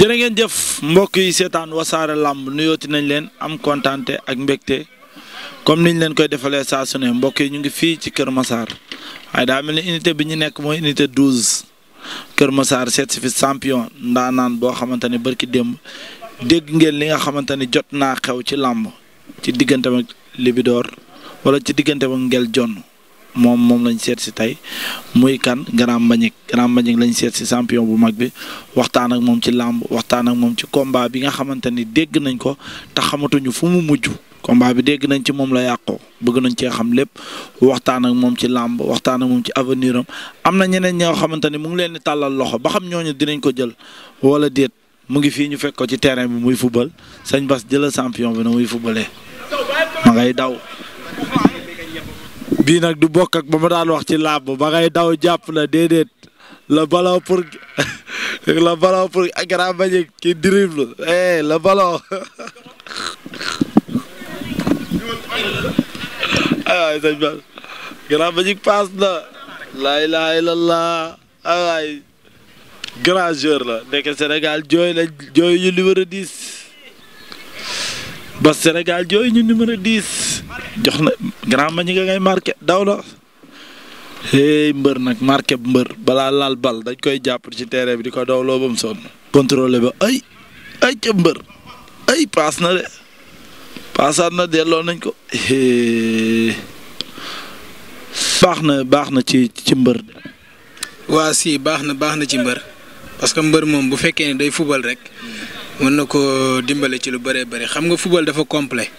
jërë ngeen jëf mbokk yi seetaan wasaare làmb nuyooti nañ leen am kontaante ak mbégte comme niñ leen koy defalee saa su mbokk yi ñu ngi fii ci Kër Massar waaye daa mel ni unité bi ñu nekk mooy unité 12 Kër Massar seet si fi champion ndaanaan boo xamante ne barki démb dégg ngeen li nga xamante ne jot naa xew ci làmb ci diggante ak Libidor wala ci diggante ak Ngel Jonn moom moom lañ seet si tey muy kan Grand Mbagnick Grand Mbagnick lañ seet si champion bu mag bi waxtaan ak moom ci làmb waxtaan ak moom ci combat bi nga xamante ni dégg nañ ko te xamatuñu fu mu mujj combat bi dégg nañ ci moom la yàqoo bëgg nañ cee xam lépp waxtaan ak moom ci làmb waxtaan ak moom ci avenir am na ñeneen ñoo xamante ni mu ngi leen di tàllal loxo ba xam ñooñu dinañ ko jël wala déet mu ngi fii ñu fekk ko ci terrain bi muy football sañ Bas jëlal champion bi na muy footballee ma ngay daw. bii nag du bokk ak ba ma daan wax ci làmb ba ngay daw jàpp la déedéet le ballon pour le ballon pour Grand Mbagnick qui dribble eh Ba ah, Grand Mbagnick paas na la ilaha illallah aywaay ah, grand joueur la nekk Sénégal jooy la jooy ñu numéro 10 ba Sénégal jooy ñu numéro 10 jox na grand ma ñi nga ngay marqué daw la hey mbër nag marqué bu mbër balaa laal bal dañ koy jàpp ci terrain bi di ko daw loo ba mu sonn contrôlé ba ay ay ca mbër ay paas na de paasaat na delloo nañ ko baax na baax na ci ci mbër si baax na baax na ci mbër parce que mbër moom bu fekkee ne day fubal rek mën na ko dimbale ci lu bare bëri xam nga fubal dafa complet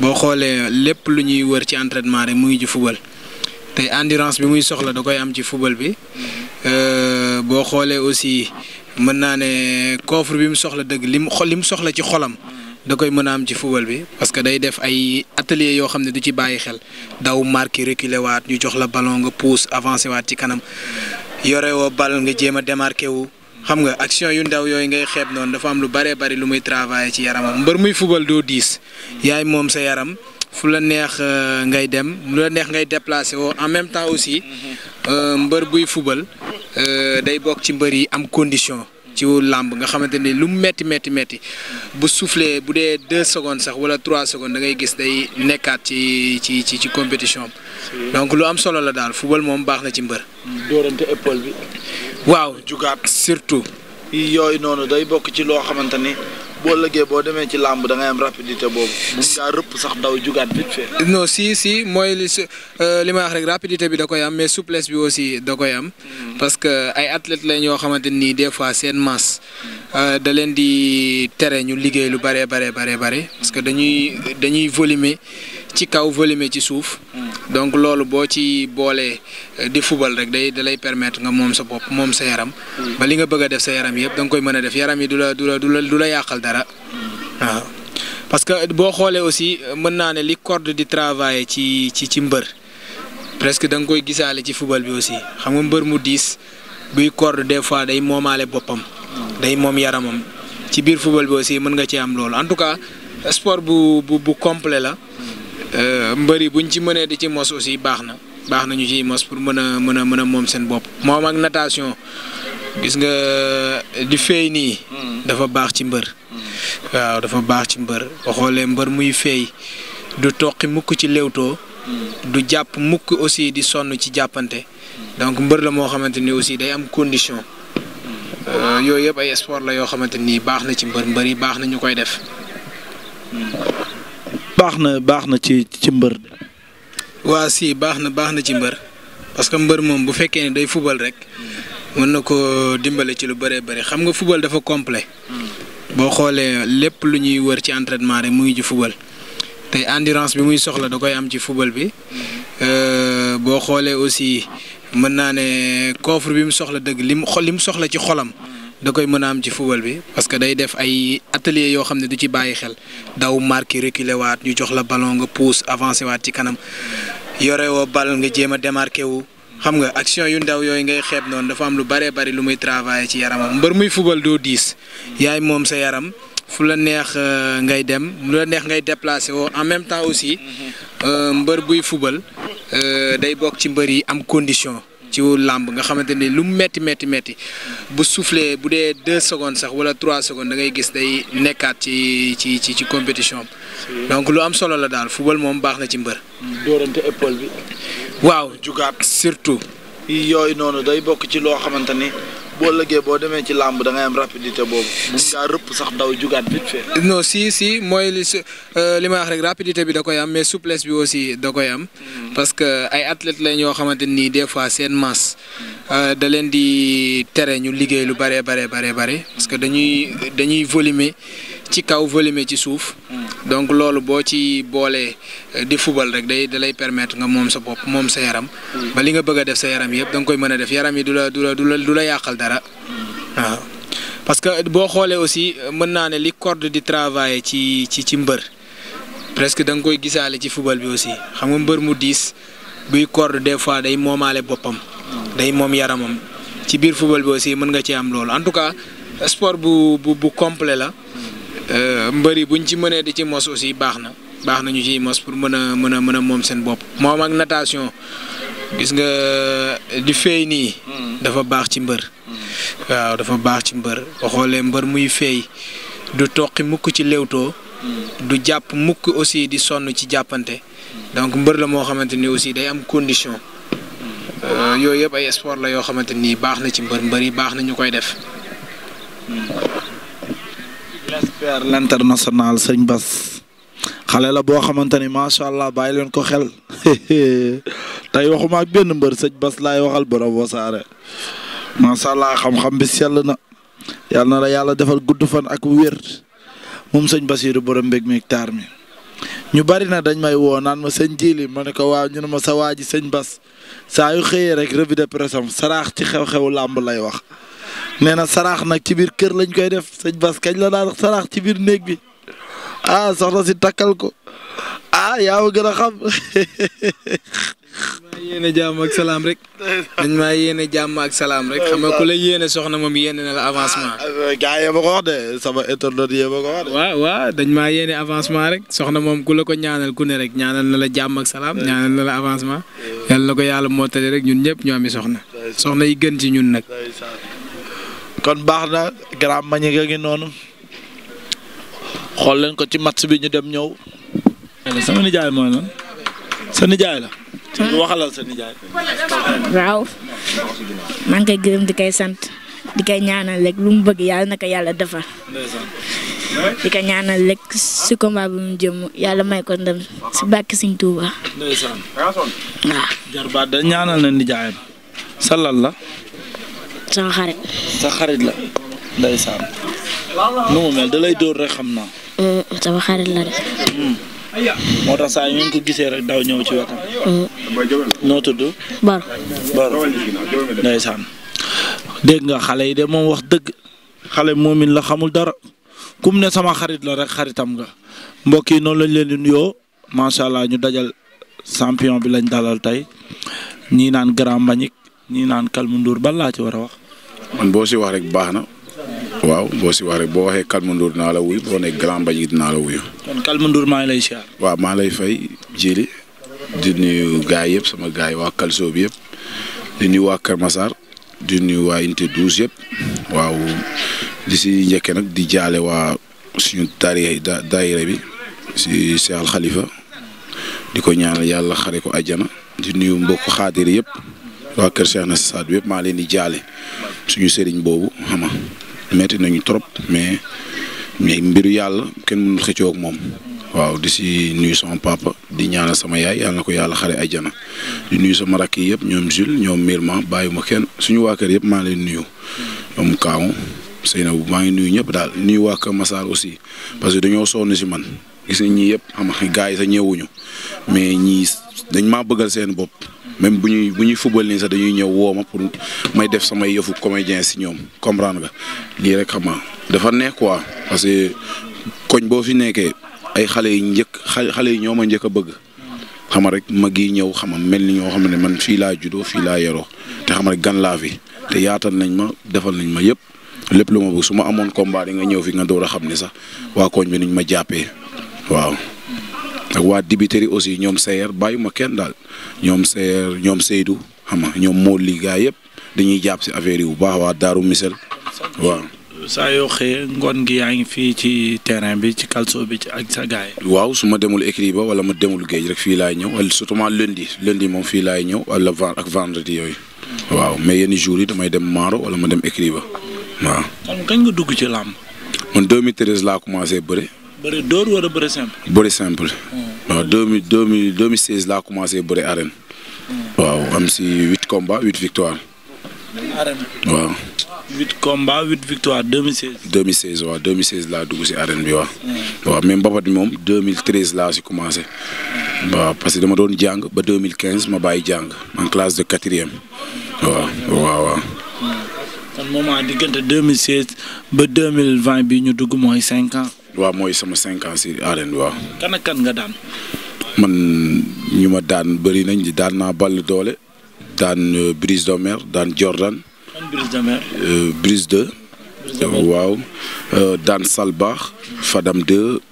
boo xoolee lépp lu ñuy wër ci entraînement rek mu ngi ci football te endurance bi muy soxla da koy am ci football bi euh, boo xoolee aussi mën naa ne coffre bi mu soxla dëgg lim xol lim soxla ci xolam da koy mën a am ci football bi parce que day def ay atelier yoo xam ne du ci bàyyi xel daw marqué réculer waat ñu jox la ballon nga pousse avancé waat ci kanam yore woo bal nga jéem a démarqué wu. xam nga action yu ndaw yooyu ngay xeeb noonu dafa am lu bëree bëri lu muy travailler ci yaramam mbër muy fubal doo diis yaay moom sa yaram fu la neex euh, ngay dem lu la neex ngay déplacé woo en même temps aussi euh, mbër buy fubal euh, day bokk ci mbër yi am condition ci làmb nga xamante ni lu mu metti metti metti bu soufflé bu dee deux secondes sax wala trois secondes da ngay gis day nekkaat ci ci ci ci compétition donc lu am solo la daal fubal moom baax na ci mbër. bi. waaw jugaat surtout. yooyu noonu day bokk ci loo xamante ni boo lëggee boo demee ci làmb da am rapidité boobu. mun rëpp sax daw jugaat vite fait. non si si mooy li euh, li ma wax rek rapidité bi da koy am mais souplesse bi aussi da koy am. Hmm. parce que ay athlètes lañ yoo xamante nii des fois seen masse. Euh, da leen di tere ñu liggéey lu bëree bare bare bare parce que dañuy dañuy volumer. ci kaw volume ci suuf. Hmm. donc loolu boo ci boolee euh, di fubal rek day dalay permettre nga moom sa bopp moom sa yaram. Hmm. ba li nga bëgg a def sa yaram yëpp da nga koy mën a def yaram yi du la du la du du la yàqal dara. Hmm. waaw parce que boo xoolee aussi euh, mën naa ne li corde di travailler ci ci ci mbër presque da nga koy gisaale ci fubal bi aussi xam nga mbër mu diis buy corde des fois day moomaale boppam. day moom yaramam ci biir fubal bi aussi mën nga ci am loolu en tout cas sport bu bu bu complet la. Euh, mbër yi bu buñ ci mënee di ci mos aussi baax na baax na ñu ciy mos pour mën a mën a mën a moom seen bopp moom ak natation gis nga euh, di feey nii. Hmm. dafa baax ci mbër. Hmm. waaw dafa baax ci mbër boo xoolee mbër muy feey du toqi mukk ci léewtoo. Hmm. du jàpp mukk aussi di sonn ci jàppante. donc mbër la moo xamante ni aussi day am condition. Euh, yooyu yëpp ay sport la yoo xamante ni baax na ci mbër mbër yi baax na ñu koy def. baax na baax na ci ci mbër. waa si baax na baax na ci mbër parce que mbër moom bu fekkee ne day fubal rek mën na ko dimbale ci lu bëree bëri xam nga fubal dafa complet boo xoolee lépp lu ñuy wër ci entraînement rek mu ngi ci fubal te endurance bi muy soxla da koy am ci fubal bi euh, boo xoolee aussi mën naa ne coffre bi mu soxla dëgg li mu lim soxla ci xolam. da koy mën a am ci football bi parce que day def ay atelier yoo xam ne du ci bàyyi xel daw marqué réculer waat ñu jox la ballon nga pousse avancé waat ci kanam yore woo bal nga jéem a démarqué wu. xam nga action yu ndaw yooyu ngay xeeb noonu dafa am lu bëree bëri lu muy travailler ci yaramam mbër muy football doo diis yaay moom sa yaram fu la neex euh, ngay dem lu la neex ngay déplacé woo en même temps aussi euh, mbër buy football euh, day bokk ci mbër yi am condition. ci làmb nga xamante ni lu mu metti metti bu soufflé bu dee deux secondes sax wala trois secondes dangay gis day nekkaat ci ci ci ci compétition donc lu am solo la daal football moom baax na ci mbër. dóorante épaule bi. waaw jugaat surtout. yooyu noonu day bokk ci loo xamante ni boo lëggee boo demee ci làmb da am rapidité boobu. mun ngaa rëpp sax ndaw jugaat vite fait. non si si mooy li su euh, li ma wax rek rapidité bi da koy am mais souplesse bi aussi da koy am. Hmm. parce que ay athlètes lañ yoo xamante nii des fois seen masse. Euh, da leen di tere ñu liggéey lu bare bare bare bare parce que dañuy dañuy volumer. ci kaw volume ci suuf. Mm. donc loolu boo ci boolee euh, di fubal rek day da lay permettre nga moom sa bopp moom sa yaram. Mm. ba li nga bëgg a def sa yaram yëpp da nga koy mën a def yaram yi du la du la du la du la yàqal dara. Mm. waaw parce que boo xoolee aussi euh, mën naa ne li corde di travailler ci ci ci mbër presque da nga koy gisaale ci fubal bi aussi xam nga mbër mu diis buy corde des fois day moomaale boppam. day moom yaramam ci biir fubal bi aussi mën nga ci am loolu en tout cas sport bu bu bu complet la. Euh, mbër yi buñ ci mënee di ci mos aussi baax na baax na ñu ciy mos pour mën a mën a mën a moom seen bopp moom ak natation gis nga euh, di feey nii. Hmm. dafa baax ci mbër. Hmm. waaw dafa baax ci mbër boo xoolee mbër muy feey du toqi mukk ci léewtoo hmm. du jàpp mukk aussi di sonn ci jàppante. donc mbër la moo xamante ni aussi day am condition. Euh, yooyu yëpp ay sport la yoo xamante ni baax na ci mbër mbër yi baax na ñu koy def. l'espère l'international sëñ bas xale la boo xamante ni macha allah bàyyi leen ko xel tey waxuma benn mbër sëñ bas laay waxal borom wasaare macha allah xam-xam bi sel na yal na la yàlla defal gudd fan ak wér moom bas Bassirou borom mbeg mi taar mi. ñu bari na dañ may woo naan ma sëñ Jili ma ne ko waaw ñu ma sa waa ji sëñ Bass saa yu xëyee rek revue de saraax ci xew xew làmb lay wax. nee na saraax nag ci biir kër lañ koy def sëñ Bas kañ la daan saraax ci biir néeg bi ah soxna si takkal ko ah yaa ma gën a xam. dañ maa yéene ak salaam rek dañ maa yéene jàmm ak salaam rek xam nga ku la yéene soxna moom yéene na la avancement. Ah, ah, gars yi ma ko wax de sama internet waaw dañ maa yéene avancement rek soxna moom ku la ko ñaanal ku ne rek ñaanal na la jàmm ak salaam ñaanal na la avancement yàlla ko yàlla mottali rek ñun ñëpp ñoomi ami soxna soxna yi gën ci ñun nag. kon baax na grand mañi ga ngi noonu xool leen ko ci match bi ñu dem ñëw. sama nijaay mooy lan sa nijaay la. Hmm? waxalal sa nijaay. waaw maa ngi koy gërëm di koy sant di koy ñaanal rek lu mu bëgg yàlla na yàlla defar. di ko ñaanal rek si combat bi mu jëm yàlla may ko ndam si bàkki Sëñ Tuuba. ndeysaan. waaw. jarbaat da ñaanal na nijaayam. salal la. sama xarit. la. ndeysaan. nu mu mel da dóor rek xam naa. Eh, sama xarit la de. Hmm. moo tax saa ñu ko gisee rek daw ñëw ci wetam. Hmm. noo tudd. Baro. Baro dégg nga xale yi de moom wax dëgg xale moomin la xamul dara kum ne sama xarit la rek xaritam nga mbokk yi noonu lañ leen di nuyoo macha allah ñu dajal sampion bi lañ dalal tey ñi naan Grand Mbagnick ñii naan Calme Ndour ban laa ci war a wax. man boo si wax rek baax na waaw boo si wax rek boo waxee Calme Ndour dinaa la wuyu boo nee Grand Mbagnick dinaa la wuyu. maa lay siyaar. waaw maa lay fay jili di nuyu gars yëpp sama gars yi waa Kalso bi yëpp di nuyu waa Kër Massar di waa unité 12 yëpp waaw di si njëkke nag di jaale waa suñu tari daayira bi si Seexal Xalifa di ko ñaan yàlla xare ko àjjana di nuyu mbokk xaadir yëpp. waa Kër Cheikh na Saad bi yëpp maa leen di jaale suñu sëriñ boobu xama metti nañu trop mais mbiru yàlla kenn mënul xëccoo moom. waaw di si nuyu sama papa di ñaanal sama yaay yàlla na ko yàlla xare ajjana di nuyu sama rakk yi yëpp ñoom Jules ñoom ma bàyyi ma kenn suñu waa kër yëpp maa leen nuyu. ñoom Kaamu Seynabou maa ngi nuyu ñëpp daal nuyu waa Kër Massar aussi parce que dañoo sonn si man gis nga ñii yëpp xam nga gars yi sa ñëwuñu mais ñii dañ maa bëggal seen bopp. même bu ñuy bu ñuy football nii sax dañuy ñëw woo ma pour may def samay yëfu comédien si ñoom comprendre nga lii rek xam dafa neex quoi parce que koñ boo fi nekkee ay xale yu njëkk xale yi ñoo ma njëkk a bëgg. xama rek mag yi ñëw xama mel ni ñoo xam ne man fii laa juddoo fii laa yoro te xama rek gan laa fi te yaatal nañ ma defal nañ ma yëpp lépp lu ma bëgg su ma amoon combat di nga ñëw fi nga door a xam ne sax waa koñ bi niñ ma jàppee waaw. ak waa dibiteri aussi ñoom Seyer ma kenn daal ñoom Seyer ñoom Seydou xam nga ñoom moo liggéey yëpp dañuy jàpp si affaire yi bu baax waa Daaru Misel waaw. sa yoo xëyee ngoon gi yaa ngi fii ci terrain bi ci calcio bi ci ak sa gaay waaw su ma demul écrit ba wala ma demul géej rek fii laay ñëw surtout lundi lundi moom fii laay ñëw wala vend ak vendredi yooyu. waaw mais yenn jours yi damay dem Maaro wala ma dem écrit ba waaw. kon kañ nga dugg ci làmb. man 2013 laa commencé bëre. bëri dóor wala bëri simple. bëri simple. Hmm. waaw deux mille deux mille deux mille seize laa commencé bëri arène. Hmm. waaw am si huit combats huit victoires. arène waaw. huit combats huit victoires 2016. 2016 waaw 2016 laa dugg si arène bi waaw. Hmm. waaw même mbapat moom 2013 laa si commencé. waaw parce que dama doon jàng ba 2015 ma bàyyi jàng en classe de quatrième. waaw waaw waaw. kon moment diggante 2016 ba bi ñu dugg mooy cinq waaw mooy sama cinq ans si arène waaw. kan nga daan. man ñu ma daan bëri nañ daan naa ball doole daan euh, Brise de daan Jordan. daan Brise de euh, waaw euh, daan Salbaax Fadam 2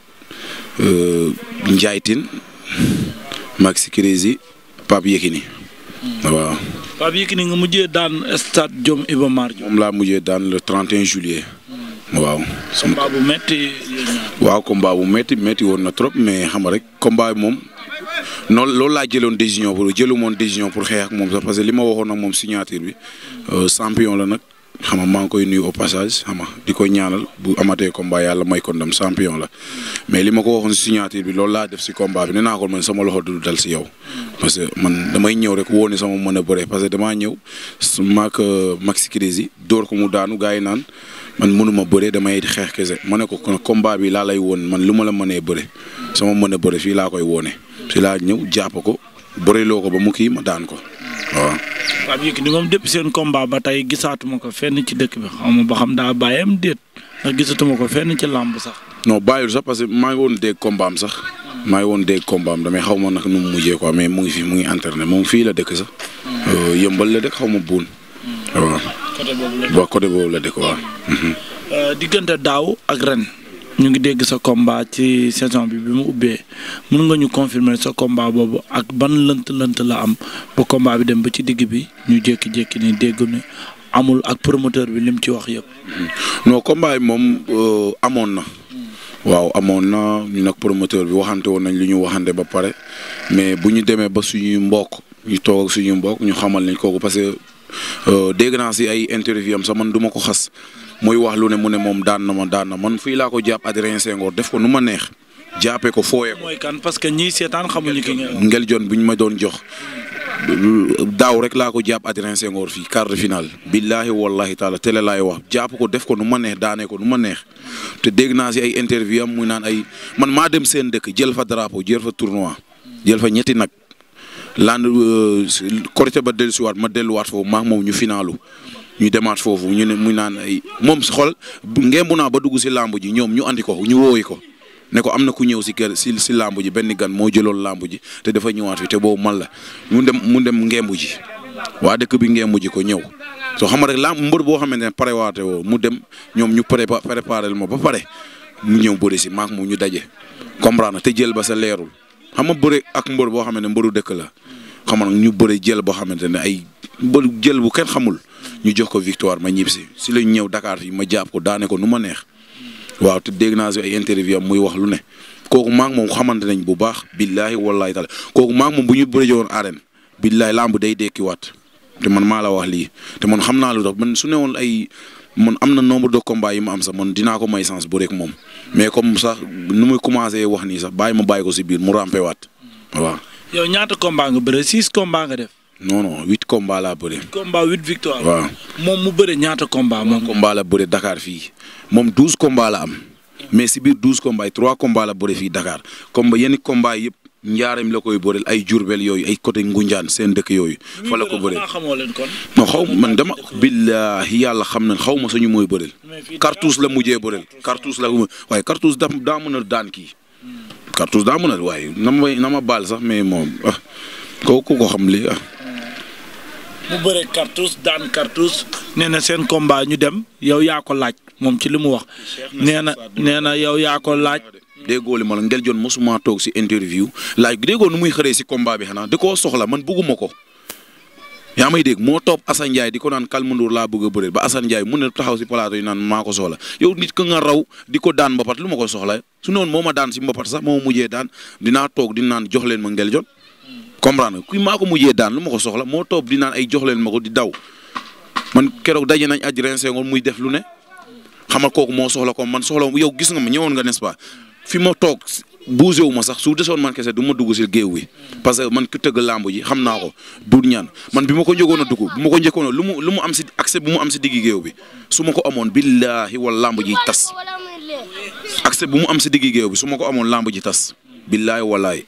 Njaaytin Maxi Crési Pape Yekini hmm. waaw. Pape Yekini nga mujjee daan stade Jom Iba Mar Diop. moom laa daan le 31 juillet. waaw combat bu métti waaw combat bu métti métti woon na trop mais xam nga rek combat moom noonu loolu laa jëloon décision pour jëlu moon décision pour xeex ak moom sax parce que li ma waxoon ak moom signature bi euh, champion la nag xam maa ngi koy nuyu au passage di ko ñaanal bu amatee combat yàlla may ko ndam champion la mais li ma ko waxoon signature bi loolu laa def si combat bi nee naa ko man sama loxo du dal si yow. parce que man damay ñëw rek wóone sama mën a bëree parce que damaa ñëw su maag euh, Maxi Crési dóor ko mu daanu gars yi naan. man mënuma bëre damay xeex kese ma ne ko kon combat bi laa lay woon man lu ma la mënee bëre sama mën a bëre fii laa koy woone si laa ñëw jàpp ko bëreloo ko ba mu kii ma daan ko waaw. Pape Yékini moom depuis seen combat ba tey gisaatuma ko fenn ci dëkk bi xaw ma ba xam daa bàyyam déet ndax gisatuma ko fenn ci làmb sax. non bàyyul sax parce que maa ngi woon dégg combat sax. maa ngi woon dégg combat xaw ma nag nu mu mujjee quoi mais mu ngi fi mu ngi internet moom fii la dëkk sax. Hmm. Euh, yëmbal la dëkk xaw ma buun. Hmm. waaw. côté boobu la waaw boobu la di ko waaw. Euh, diggante daaw ak ren ñu ngi dégg sa combat ci saison bi bi mu ubbee mën nga ñu confirmer sa combat boobu ak ban lënt-lënt la am ba combat bi dem ba ci digg bi ñu jékki-jékki ni dégg ni amul ak promoteur bi lim ci wax yëpp. Hmm. non combat bi moom euh, amoon na. Hmm. waaw amoon na ñu nag promoteur bi waxante woon nañ li ñu waxante ba pare mais bu ñu demee ba suñuy mbokk ñu toog ak suñuy mbokk ñu xamal nañ kooku parce que Euh, dégg naa si ay interview am sax man du ko xas muy wax lu ne mu ne moom daan na ma daan na man fii laa ko jàpp Adrien Senghor def ko nu ma neex jàppee ko fooyee ko. parce que ñii seetaan xamuñu ki ngel jon buñ ma doon jox. daaw rek laa ko jàpp Adrien Senghor fii quart de finale billaahi wallahi taala télé laay wax jàpp ko def ko nu ma neex daane ko nu ma neex te dégg si ay interview am muy naan ay man maa dem seen dëkk jël fa drapeau jël fa tournoi jël fa ñetti nag laan euh, korité ba dellusiwaat ma delluwaat foofu maa moom ñu finaalu ñu demaat foofu ñu ne mu naan ay moom si xol ngembu naa ba dugg si làmb ji ñoom ñu andi ko ñu wooyi ko ne ko am na ku ñëw si kër si si làmb ji benn gan moo jëloon làmb ji te dafa ñëwaat wi te boobu man la mu dem mu dem ngembu ji waa dëkk bi ngembu ji ko ñëw soo xam rek làmb mbër boo xamante ne pare waate woo mu dem ñoom ñu pré préparé ma ba pare mu ñëw bëri si maak moom ñu daje comprendre te jël ba sa leerul xam nga bëre ak mbër boo xamante ne mbëru dëkk la xam nga ñu bëre jël boo xamante ne ay mbër jël bu kenn xamul ñu jox ko victoire ma ñib si lañ ñëw dakaar yi ma jàpp ko daane ko nu ma neex waaw te dégg naa si ay interview am muy wax lu ne kooku maa moom xamante nañ bu baax billaahi wallaahi taala kooku maa moom bu ñu bëre woon arène billaahi lamb day dekkiwaat te man maa la wax lii te man xam naa lu tax man su woon ay man am na nombre de combats mu ma am sax man dina ko may chance bu moom mais comme sax nu muy commencé wax nii sax bàyyi ma bàyyi ko si biir mu rampé waat waaw. ñaata combats nga bëre six combats nga def. non non huit combats laa bëre. huit combats huit victoire. waaw moom mu ñaata combats. moom combats la bëre Dakar fii moom douze combats la am. mais si biir douze combats yi trois combats la bëre fii Dakar comme yenn combats yëpp njaareem la koy bëreel ay Jurbel yooyu ay côté Ngunjaan seen dëkk yooyu. fa la ko bëreel xamoo leen kon. non xaw man dama. billaahi yàlla xam na xaw ma suñu mooy bëreel. cartouche la mujjee bëreel. cartouche la waaye cartouche da daa mën a daan kii. cartouche daa mën a waaye na ma na ma baal sax mais moom ah kooku ko xam li ah. mu bëree cartouche daan cartouche. nee na seen combat ñu dem yow yaa ko laaj moom ci li mu wax. nee na nee yow yaa ko laaj. déggoo li ma la Nguel Dione mosuma toog si interview laaj déggoo nu muy xëree si combat bi xanaa di koo soxla man bëgguma ko. yaa may dégg moo topp Assane Ndiaye di ko naan Calme Ndour laa bëgg a bëre ba Assane mun na taxaw si plateau yi naan maa ko soxla yow nit ka nga raw di ko daan mbapat lu ma ko soxla su noonu moo ma daan si mbapat sax moo mujjee daan dinaa toog di naan jox leen ma Nguel Dione comprendre nga kuy maa ko mujjee daan lu ma ko soxla moo topp di naan ay jox ma ko di daw man keroog daje nañ aji ren lu ne xamal kooku moo soxla ko man soxla yow gis nga ma ñëwoon nga n'est-ce pas fi ma toog bougé wu ma sax su desoon man kese du ma dugg si géew wi parce que man ku tëgg làmb ji xam naa ko duut ñaan man bi ma ko njëkkoon a dugg bi ma ko njëkkoon lu mu lu mu am si accès bu mu am si digg géew bi su ma ko amoon billaahi wala làmb ji tas accès bu mu am si digg géew bi su ma ko amoon làmb ji tas billaahi walaay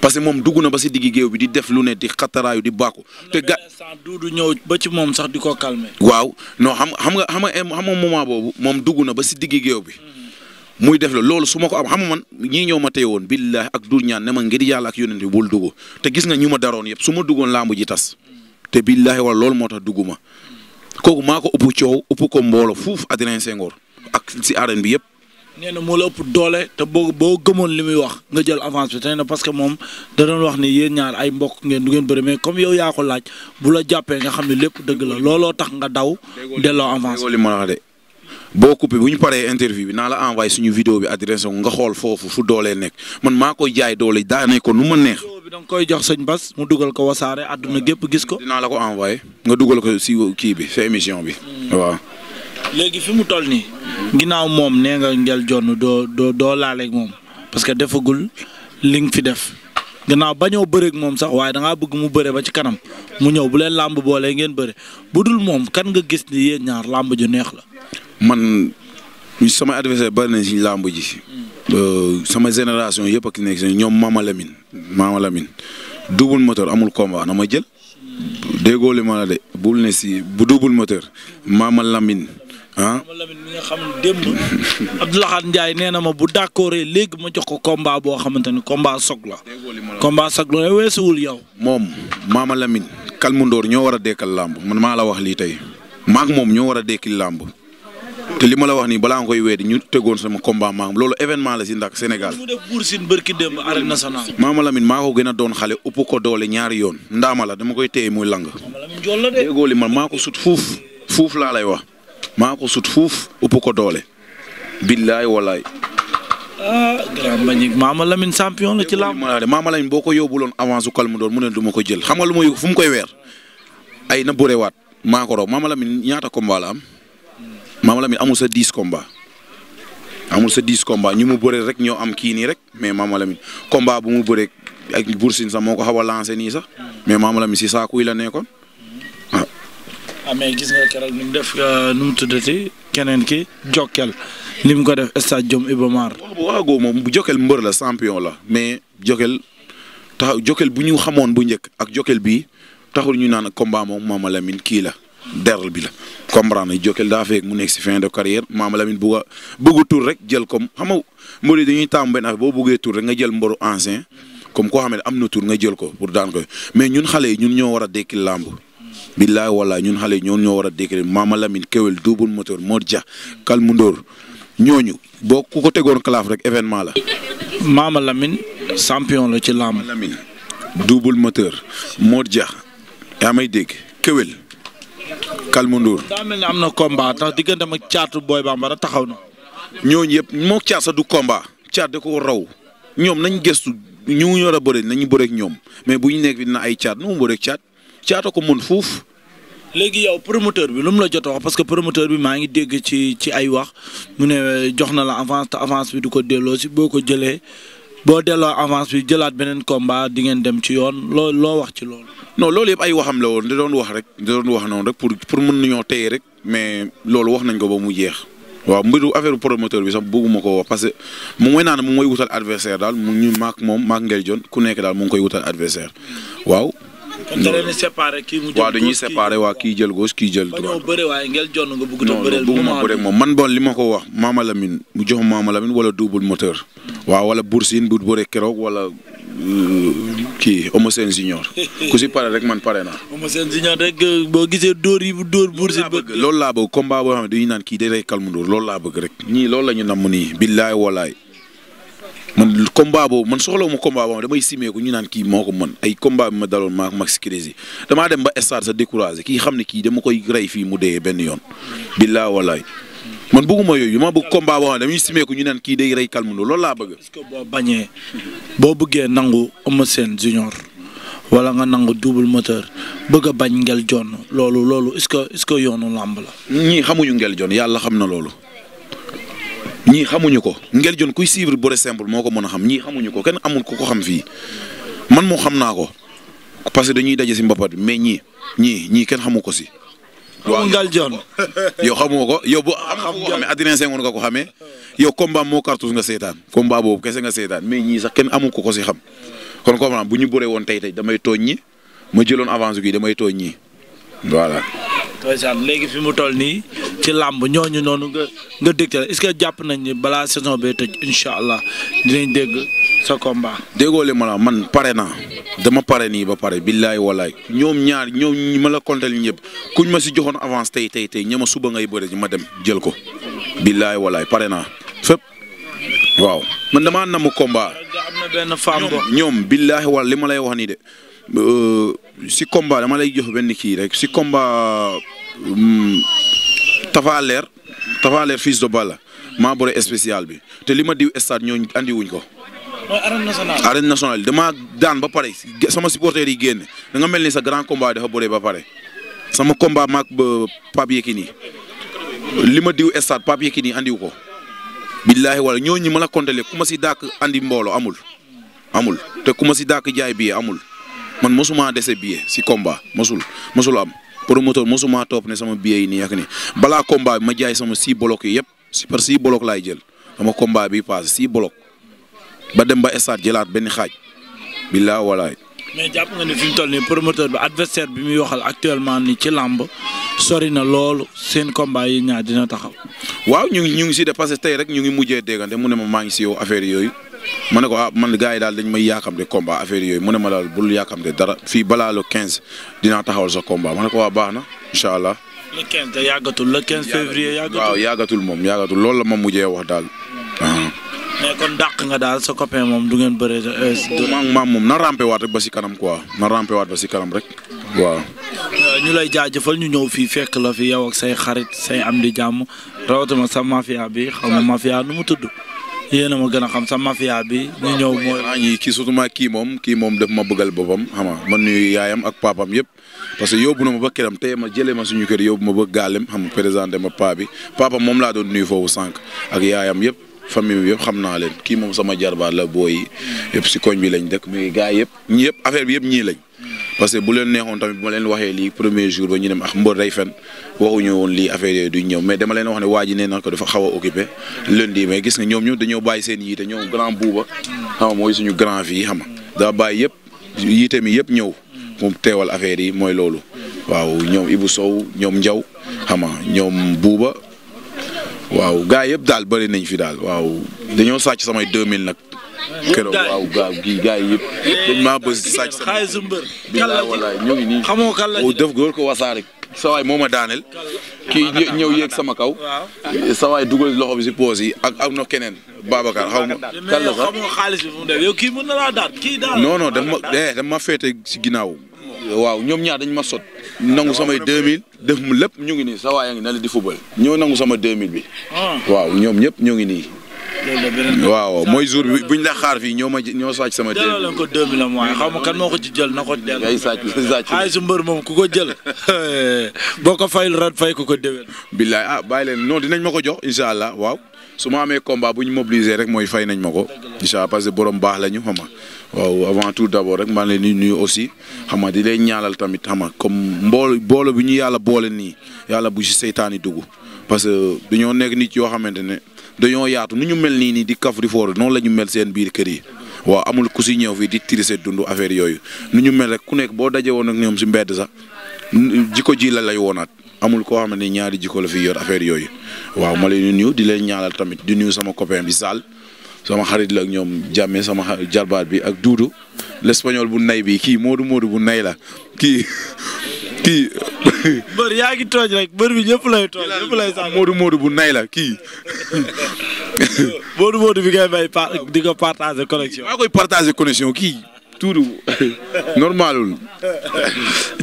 parce que moom dugg na ba si digg géew bi di def lu ne di xattaraayu di baaku te ga duudu ñëw ba ci moom sax di ko calmer waaw non xam xam nga xam nga moment boobu moom dugg na ba si digg géew bi. muy def la loolu su ma ko am xam man ñii ñoo ma téye woon billahi ak dul ñaan ne ma ngir yàlla ak yónent bi bul dugg te gis nga ñu ma daroon yëpp su ma duggoon làmb ji tas te billahi wala lool moo tax dugg ma kooku maa ko ëpp coow ëpp ko mboolo fuuf Adrien Senghor ak si arène bi yëpp. nee na moo la ëpp doole te boo boo gëmoon li muy wax nga jël avance bi te nee parce que moom da wax ni yéen ñaar ay mbokk ngeen du ngeen bëri mais comme yow yaa ko laaj bu la jàppee nga xam ne lépp dëgg la looloo tax nga daw. delloo avance boo coupé bu ñu paree interview bi naa la envoyé suñu video bi adressé nga xool foofu fu doolee nekk man maa koy jaay doole daanee ko nu ma neex. vidéo bi da koy jox sañ Bas mu dugal ko wasaare àdduna gépp gis ko. naa la ko envoyé nga dugal ko si kii bi sa émission bi. Hmm. waaw. léegi fi mu toll nii. ginnaaw moom nee nga ngel jonn doo doo doo laaleeg moom parce que defagul li nga fi def. gannaaw bañoo bëreeg moom sax waaye da ngaa bëgg mu bëre ba ci kanam mu ñëw bu leen làmb boolee ngeen bëre bu dul moom kan nga gis ni yéen ñaar làmb ju neex la. man sama adversaire bari nañ si làmb ji. Mm. Euh, sama génération yëpp ak nekk si ñoom Mama Lamine Mama double moteur amul combat na ma jël. déggoo li ma la de bul ne si bu double moteur Mama Lamine ah. Mama Lamine mi nga xam ne démb Abdoulaye Ndiaye nee na ma bu d'accord léegi ma jox ko combat boo xamante ni combat soog la. combat soog la weesuwul yow. moom maam Mama Lamine Kalmundoor ñoo war a dekkal làmb man maa la wax lii tey maak moom ñoo war a dekkil làmb. te li ma la wax ni balaa nga koy weedi ñu tegoon sama combat maam loolu événement la si ndax Sénégal. mu def Bour Sine barki maa ko gën doon xale ëpp ko doole ñaari yoon ndaama la dama koy téye muy lang. Mama ko sut fuuf fuuf laa lay wax maako ko sut fuuf ëpp ko doole. billaay walaay. ah grand la Mama Lamine la ci làmb. Mama Lamine boo ko yóbbuloon avance su calme doon mu ne duma ko jël xam nga lu ma fu mu koy weer ay na bërewaat maa ko raw Mama Lamine ñaata combat am Mama Lamine amul sa dix combat amul sa dix combat ñu mu bëre rek ñoo am kii nii rek mais Mama Lamine bu mu bëree ak Boursine sax moo ko xaw a lancé nii sax mais Mama si saako yi la nekkoon waaw. Ah. Ah, mais gis nga keroog ni mu def euh, nu keneen ki Jokkel ni mu ko def stade Jom Iba Mar. waaw moom bu Jokkel mbër la sampion la mais Jokkel tax Jokkel bu ñu xamoon bu njëkk ak Jokkel bi taxul ñu naan combat moom Mama Lamine kii la. deral bi la comprendre Jokal daa fekk mu nekk si fin de carrière Maama Lamine bugg a bëgg tur rek jël comme xam nga mbër yi dañuy tàmm benn affaire boo buggee tur rek nga jël mboru ancien comme koo xam ne am na tur nga jël ko pour daan ko mais ñun xale yi ñun ñoo war a dekki làmb billaay wallaay ñun xale yi ñoo ñoo war a dekki Maama Lamine Kewel double moteur Mor Dia Kalmundoor ñooñu boo ku ko tegoon kalaaf rek événement la. Maama Lamine sampion la ci làmb. Maama Lamine double moteur Mor Dia yaa may Kalmu Ndour. daa am na combat tax diggante ma caatu Boy mbara taxaw na. ñooñu yëpp moo caat sa du komba caat da ko raw ñoom nañ gëstu ñu mu war a bëri nañu bëreeg ñoom mais bu ñu nekk bi dina ay caat nu mu bëreeg caat caata ko mën fuuf. léegi yow promoteur bi lu mu la jot wax parce que promoteur bi maa ngi dégg ci ci ay wax mu ne jox na la avance te avance bi du ko delloo si boo ko jëlee. boo delloo avance bi jëlaat beneen combat di ngeen dem ci yoon loo loo wax ci lool non loolu yëpp ay waxam la woon da doon wax rek da doon wax noonu rek pour pour mën nañoo tey rek mais loolu wax nañ ko ba mu jeex. waaw mbiru affaire promoteur bi sax bëgguma ko wax parce que mooy naan moom mooy wutal adversaire daal mu ñu maak moom maak Nguel Dione ku nekk daal mu ngi koy wutal adversaire waaw. kon da leen séparé kii mu jël waaw dañuy waa kii jël gauche kii jël droit. waaye ngeen jonn nga bëgg a bëreel non non bëgg moom man bon li ma ko wax Mama mu jox Mama Lamine wala double moteur. waa wala Boursine bu bëree keroog wala euh, kii Homo Sène Junior ku si pare rek man pare naa. Homo Sène Junior rek euh, boo gisee dóor yi bu dóor Boursine bëgg. loolu laa bëgg combat boo xam ne dañuy naan kii day rey Kalmu Ndour loolu laa bëgg rek. ñii loolu la ñu namm nii billaay wolaay man combat boobu man soxlawuma combat boobu damay simee ko ñu naan kii moo ko mën ay combat bi ma daloon maa dem ba stade sa découragé kii xam ne dama koy rey fii mu dee benn yoon. billaa walaay man bëgguma yooyu ma bëgg combat boo xam ne dañuy simee ko ñu naan kii day rey kalmundo loolu laa bëgg. est-ce boo bëggee nangu Eumeu Sène junior wala nga nangu double moteur bëgg a bañ ngel jonn loolu loolu est-ce que que yoonu làmb la. ñii xamuñu ngel jonn yàlla xam na loolu. ñii xamuñu ko ngel jon kuy suivre bëre simple moo ko mën a xam ñii xamuñu ko kenn amul ko ko xam fii man moo xam naa ko parce que dañuy daje si mbapat bi mais ñii ñii ñii kenn xamu ko si. waaw ngel jon yow xamoo ko yow bu am xam ko xamee Adrien Senghor nga ko xamee yow combat moo cartouche nga seetaan combat boobu kese nga seetaan mais ñii sax kenn amul ko ko si xam kon comme bu ñu bëree woon tey tey damay tooñ ñi ma jëloon avance bi damay tooñ ñi voilà. ndeysaan léegi fi mu toll nii ci làmb ñooñu noonu nga nga dégtal est-ce que jàpp nañ ni balaa saison bee tëj incha allah dinañ dégg sa combat. déggoole li ma la man pare naa dama pare nii ba pare billaay walaay ñoom ñaar ñoom ñi ma la kontel ñëpp kuñ ma si joxoon avance tey tey tey ñama suba ngay bëre ji ma dem jël ko billaay walaay pare naa fépp. waaw man damaa namm combat. am na benn femme ñoom billaahi wala li ma lay wax nii de euh, si combat dama lay jox benn kii rek si combat Tafaleer hmm, Tafaleer fils de Balla maa bëre spécial bi te li ma diw stade ñooñu andi ko. mooy arène nationale arène nationale damaa daan ba pare sama supporteur yi génn da mel ni sa grand combat dafa bëree ba pare sama combat maag ba euh, Pape Yekini li ma diw stade Pape Yekini andiw ko. billaahi wala ñooñu ma la kontale ku ma si dàkk andi mbooloo amul amul te ku ma si dàkk jaay billet amul man mosuma dese billet si combat mosul mosul am promoteur mosuma topp ne sama billet yi ni ak nii balaa combat bi ma jaay sama si bloc yi yëpp si par six laay jël sama combat bi passé si bolok ba dem ba stade jëlaat benn xaaj billaahi walaay mais jàpp nga ni fi mu toll nii promoteur bi adversaire bi muy waxal actuellement ni ci làmb sori na loolu seen combat yi ñaar dina taxaw. waaw ñu ngi ñu ngi si de parce que tey rek ñu ngi mujjee déggante mu ne ma maa ngi si yow affaire yooyu ma ne ko ah man gars yi daal dañ may yaakamte combat affaire yooyu mu ne ma daal bul yaakamte dara fii balaa le dina dinaa taxawal sa combat ma ne ko waa baax na incha allah. le yàggatul la 15 février. yàggatul waaw yàggatul moom yàggatul lool la ma mujjee wax daal. Ah. mais kon dàq nga daal sa copain moom du ngeen bëree. Euh, maam maam moom na rampé waat ba si kanam quoi na rampé waat ba si kanam rek waaw. Euh, ñu lay jaajëfal ñu ñëw fii fekk la fi yow ak say xarit say am di jàmm rawatina sa mafia bi xam nga mafia nu mu tudd. yéen a ma gën a xam sa mafia bi. ñu ñëw mooy ñii kii surtout ma kii moom kii moom daf ma bëggal boppam xam nga man nuyu yaayam ak papam yëpp parce que yóbbu na ma ba këram tey ma jëlee ma suñu kër yóbbu ma ba gaalem xam présenté ma bi papa moom laa doon nuyu foofu sànq ak yaayam yëpp. famille yëpp xam naa leen kii moom sama jarbaat la booy yëpp si koñ bi lañ dëkk mais gars yëpp ñi yëpp affaire bi yëpp ñii lañ. parce que bu leen neexoon tamit bu ma leen waxee lii premier jour ba ñu dem ak ah, mbër day fen ñëw mais dama leen wax ne waa ji nee na ko dafa xaw a occupé lundi mais gis nga ñoom ñu dañoo bàyyi seen yiite ñoom grand buuba xam nga mooy suñu grand fii xam nga daa bàyyi yëpp yiite mi yëpp ñëw mu teewal affaire yi mooy loolu waaw ñoom Ibou Sow ñoom Ndiaw xam nga ñoom buuba waaw gars yëpp daal bari nañ fi daal waaw dañoo sàcc samay 2000 nag. keroog waaw gaaw gi gars yi yëpp. dañ maa bës sàcc sama xaalisu mbër. billaay wallaay ñu ngi nii xamoo kan la oh, def góor ko wasaare. sawaay moo ma daaneel kii ñëw yéeg sama kaw sawaay dugal loxo bi si poos yi ak ak no keneen Babacar xaw ma kan la sax xaalis bi fu mu def yow kii mën na laa daan kii daal non non eh, féete si ginnaaw waaw ñoom ñaar dañ ma sot nangu samay 2000 def mu lépp ñu ngi nii sa waay a ngi na la di football ñoo nangu sama 2000 bi ah. waaw ñoom ñëpp ñoo ngi nii waaw mooy jour bi buñ la xaar fii ñoo ma ñoo sàcc sama. leen ko deux mille mooy xaw ma kan moo ko ci jël na ko delloo. ay sàcc moom ku ko jël boo ko fay fayul rat fay ku ko déwén. billaay ah bàyyi leen non dinañ ma ko jox incha allah waaw su ma amee combat bu ñu mobiliser rek mooy fay nañ ma ko. incha allah parce que borom baax la ñu xam nga waaw avant tout d' rek maa ngi leen di nuyu aussi xam nga di leen ñaanal tamit xam nga mbool mboolo boolo bi ñu yàlla boole nii yàlla bu si seytaani dugg parce que dañoo yaatu nu ñu mel nii nii di kaf di foor noonu la mel seen biir kër yi waaw amul ku si ñëw fii di tirise dund affaire yooyu nu ñu mel rek ku nekk boo daje woon ak ñoom si mbedd sax jikko ji la lay woonaat amul koo xam ne ñaari jikko la fi yor affaire yooyu waaw ma leen di nuyu di leen ñaanal tamit di nuyu sama copain bi Sall sama xarit la ak ñoom jàmme sama jarbaat bi ak duudu l'espagnol bu nay bi kii moodu moodu bu nay la kii kii. yaa ngi tooñ rek bi ñëpp lay tooñ ñëpp lay moodu moodu bu nay la kii. moodu moodu bi ngay di ko partager connexion. maa koy partager kii. tuudu normalul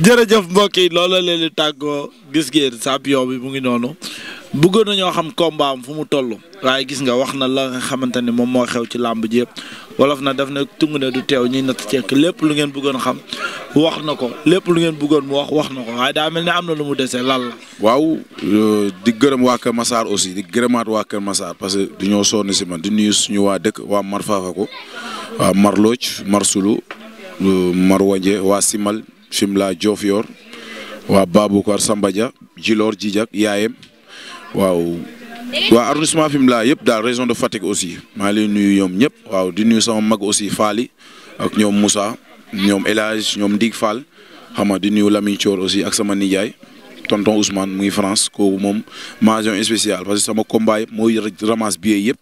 jërëjëf mbokk yi loolu la leen di tàggoo gis ngeen champion bi mu ngi noonu bëggoon ñoo xam combat fu mu toll waaye gis nga wax na la nga xamante ne moom moo xew ci làmb ji yëpp wolof na daf na tung ne du teew ñuy natt cekk lépp lu ngeen bëggoon xam wax na ko lépp lu ngeen bëggoon mu wax wax na ko waaye daa ne am na lu mu dese lal la. waaw euh, di gërëm waa Kër Massar aussi di gërëmaat waa Kër parce que du ñoo sonn si man di nuyu suñu waa dëkk waa Mar Fafako waa Mar Lodj Mar Sulu euh, Mar Wanje waa Simal Fimela Diofior waa Baboucar Sambadia Djilor Djijak Yaayem. waaw waa arrondissement Fimela yëpp daal région de Fatick aussi maa ngi nuyu ñoom ñëpp waaw di nuyu sama mag aussi Faly ak ñoom Moussa ñoom El ñoom Ndig Fall xam nga di nuyu Lamine Thior aussi ak sama nijaay tonton Ousmane mu ngi France kooku moom mention spéciale parce que sama combat yëpp mooy ramasse billet yëpp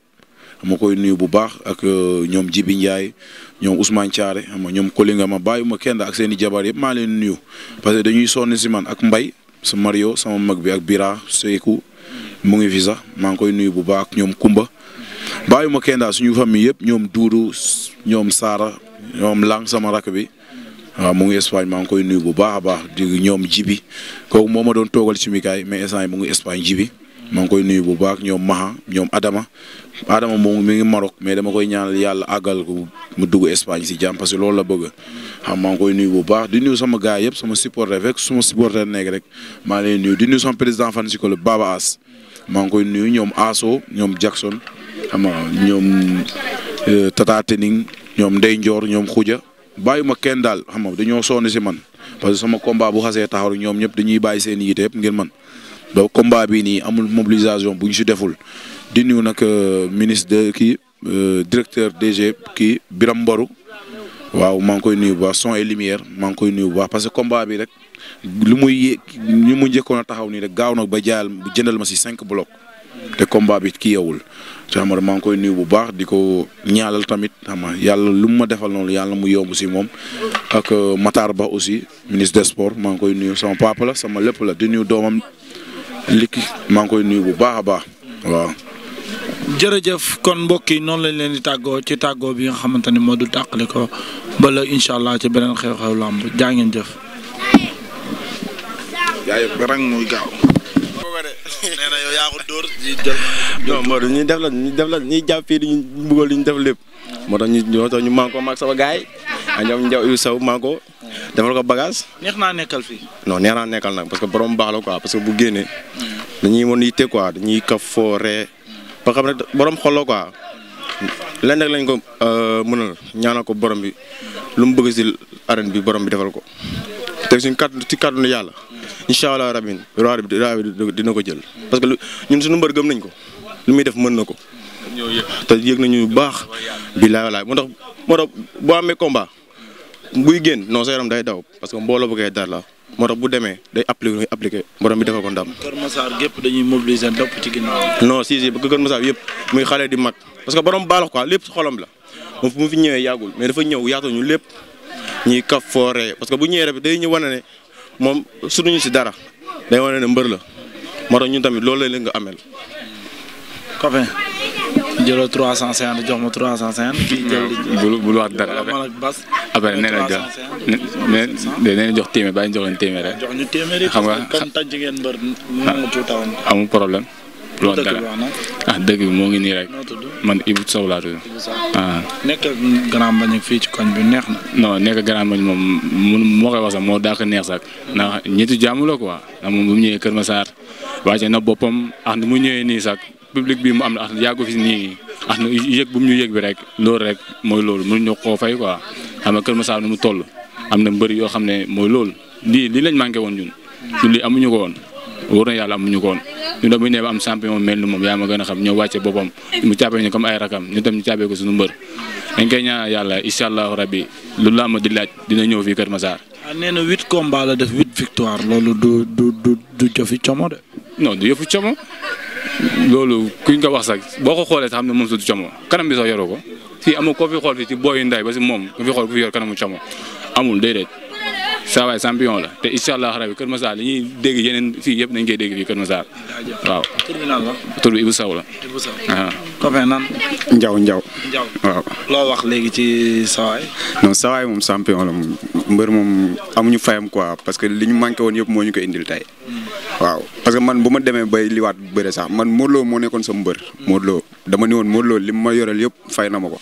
ma koy nuyu bu baax ak euh, ñoom Jibi Ndiaye ñoom Ousmane Thiaré xam nga ñoom Kolinga ma bàyyi ma kenn ak seen i jabar yëpp maa leen nuyu parce que dañuy sonn si man ak mbay sa Mario sama mag bi ak Bira Seyku mu ngi fi sax maa ngi koy nuyu bu baax ñoom Kumba bàyyuma kenn daal suñu famille yëpp ñoom Duudu ñoom Saara ñoom Lang sama rakk bi waaw mu ngi Espagne maa ngi koy nuyu bu baax a baax di ñoom Jibi kooku moo ma doon toogal ci mikaay mais instant yi mu ngi Espagne Jibi maa ngi koy nuyu bu baax ñoom Maha ñoom Adama Adama moom mi ngi Maroc mais dama koy ñaanal yàlla àggal ko mu dugg Espagne si jàmm parce loolu la bëgg xam maa ngi koy nuyu bu baax di nuyu sama gars yëpp sama supporter rek sama supporter nekk rek maa ngi nuyu di nuyu sama président fan si club Baba As maa ngi koy nuyu ñoom Aso ñoom Jackson xam nga ñoom euh, Tata Tening ñoom Ndey Njoor ñoom Xuja bàyyi ma kenn daal xam nga dañoo sonn si man parce que sama combat bu xasee taxaw ñoom ñëpp dañuy bàyyi seen yite yëpp ngir man donc combat bii nii amul mobilisation bu ñu si deful di nuyu nag euh, ministre de kii euh, directeur g kii Biram Mboru waaw maa ngi koy nuyu bu baax son et lumière maa ngi koy nuyu bu baax parce que combat bi rek lu muy ñu mu njëkkoon a taxaw nii rek gaaw na ba jaayal jëndal ma si cinq bloc te combat bi ki yewul te xam nga maa ngi koy nuyu bu baax di ko ñaalal tamit xam yàlla lu mu ma defal noonu yàlla mu yomb si moom ak euh, Matar Ba aussi ministre de sports maa ngi koy nuyu sama papa la sama lépp la di nuyu doomam Likki maa ngi koy nuyu bu baax a baax waaw. jërëjëf kon mbokk yi noonu lañ leen di tàggoo ci tàggoo bi nga xamante ni moo du tàqali ko bala incha allah ci beneen xew-xew làmb jaa ngeen jëf. jaayëf barang muy gaaw. nee def la ñuy def la ñuy jàpp fii di ñu bëggoon li ñu def lépp. moo tax ñu ñoo tax ñu manko mag sama gaay yi ñoom Ndiaye yu saw manko defal ko bagage. neex naa nekkal fii. non neex naa nekkal nag parce que borom baax la quoi parce que bu génnee. dañuy mën yitte quoi dañuy ka fooree. ba xam ne borom xol la quoi lenn lañ ko euh, mënal ñaanal ko borom bi lu mu bëgg si arène bi borom bi defal ko te suñ kàddu ci kàddu na yàlla incha allah rabin raar bi raar bi dina ko jël parce que ñun suñu mbër gëm nañ ko lu muy def mën na ko te na nañu bu baax bilaay walaay moo tax moo tax boo amee combat buy génn non sa yaram day daw parce que mbooloo bu koy dar moo tax bu demee day appliqué ngay appliqué borom bi defal ko ndam. Kër Massar gépp dañuy mobiliser lépp ci ginnaaw. non si si ba Kër Massar yëpp muy xale di mag parce que borom baalax ko lépp si la moom fu mu fi ñëwee yàggul mais dafa ñëw yaatu ñu lépp ñuy kaf fooree parce que bu ñëwee rek day ñu wane ne moom suñu si dara day wane ne mbër la moo tax ñun tamit loolu la leen nga amel. jëloo 350 jox ma 350. kii jël bul bul wax dara après man jox nee na jox téeméer bàyyi jox leen téeméer rek. jox ñu téeméer xam nga comme taj ngeen bul ah. wax dara ah dëgg bi moo ngi nii rek. man Ibou Sow laa tudd. ah. nekk grand bañ fii ci koñ bi neex na. non nekk grand bañ moom moo koy wax sax moo daaka neex sax ndax ñetti jàmm ko quoi ndax moom bu mu ñëwee Kër Massar wàcce na boppam ah ni mu ñëwee nii sax. public bi mu am ax yaa ko fi nii ax na yëg bu mu ñu yëg bi rek loolu rek mooy loolu mënuñu koo fay quoi xam nga Kër Massar nu mu toll am na mbëri yoo xam ne mooy loolu lii lii lañ manqué woon ñun ñun lii amuñu ko woon wóor na yàlla ko woon ñu bu nee ba am champion mel ni moom yaa ma gën a xam ñoo wàcce boppam mu càppee ñu comme ay rakam ñu tam ñu càppee ko suñu mbër dañ koy yàlla incha allahu rabbi lu laa ma di laaj dina ñëw fii Kër Massar ah nee na huit combats la def huit victoire loolu du du du loolu kuñ ko wax sax boo ko xoolee sax xam na moom sudu como kanam bi sax yoroo ko fii amul koo fi xool fii ci booyu ba si moom ko fi xool ku fi yor kanamu como amul saa waay la te incha allah rabi Kër Massar li ñuy dégg yeneen fii yëpp nañ koy dégg fii Kër waaw. tur bi naan la. tur bi Ibou Sow waaw. loo wax léegi ci saa waay. non saa moom champion la moom mbër moom amuñu fayam quoi parce que li ñu manqué woon yëpp moo ñu ko indil tey. Hmm. waaw parce que man bu ma demee bay liwaat bëre sax man Modou moo nekkoon sa mbër. Modou Lo dama ni woon Modou Lo lim ma yoreel yëpp fay na ma ko.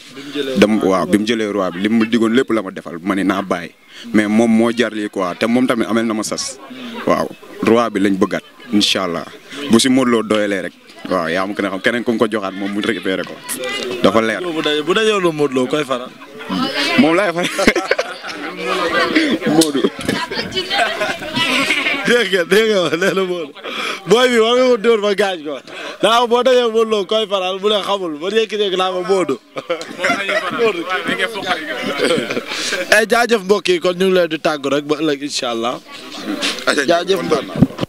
dam waaw bi mu jëlee roi bi lim ma digoon lépp la ma defal ma ne naa bàyyi. mais moom moo jar lii quoi moom tamit amel na ma sas. waaw roi bi lañ bëggaat incha allah bu si Modou rek. waaw yaa am ko ne keneen ku mu ko joxaat moom mu récupéré ko. dafa leer bu dee bu dee yoonu Modou koy faral. moom laay faral dégg nga dégg nga nee na Modou booy bi war nga ko dóor ba gaañ ko daa boo dajee Modou Lo koy faral bu leen xamul ba léegi-léegi naa ma Modou. Modou eh, jaajëf mbokk yi kon ñu ngi leen di tàggu rek ba ëllëg incha allah. jaajëf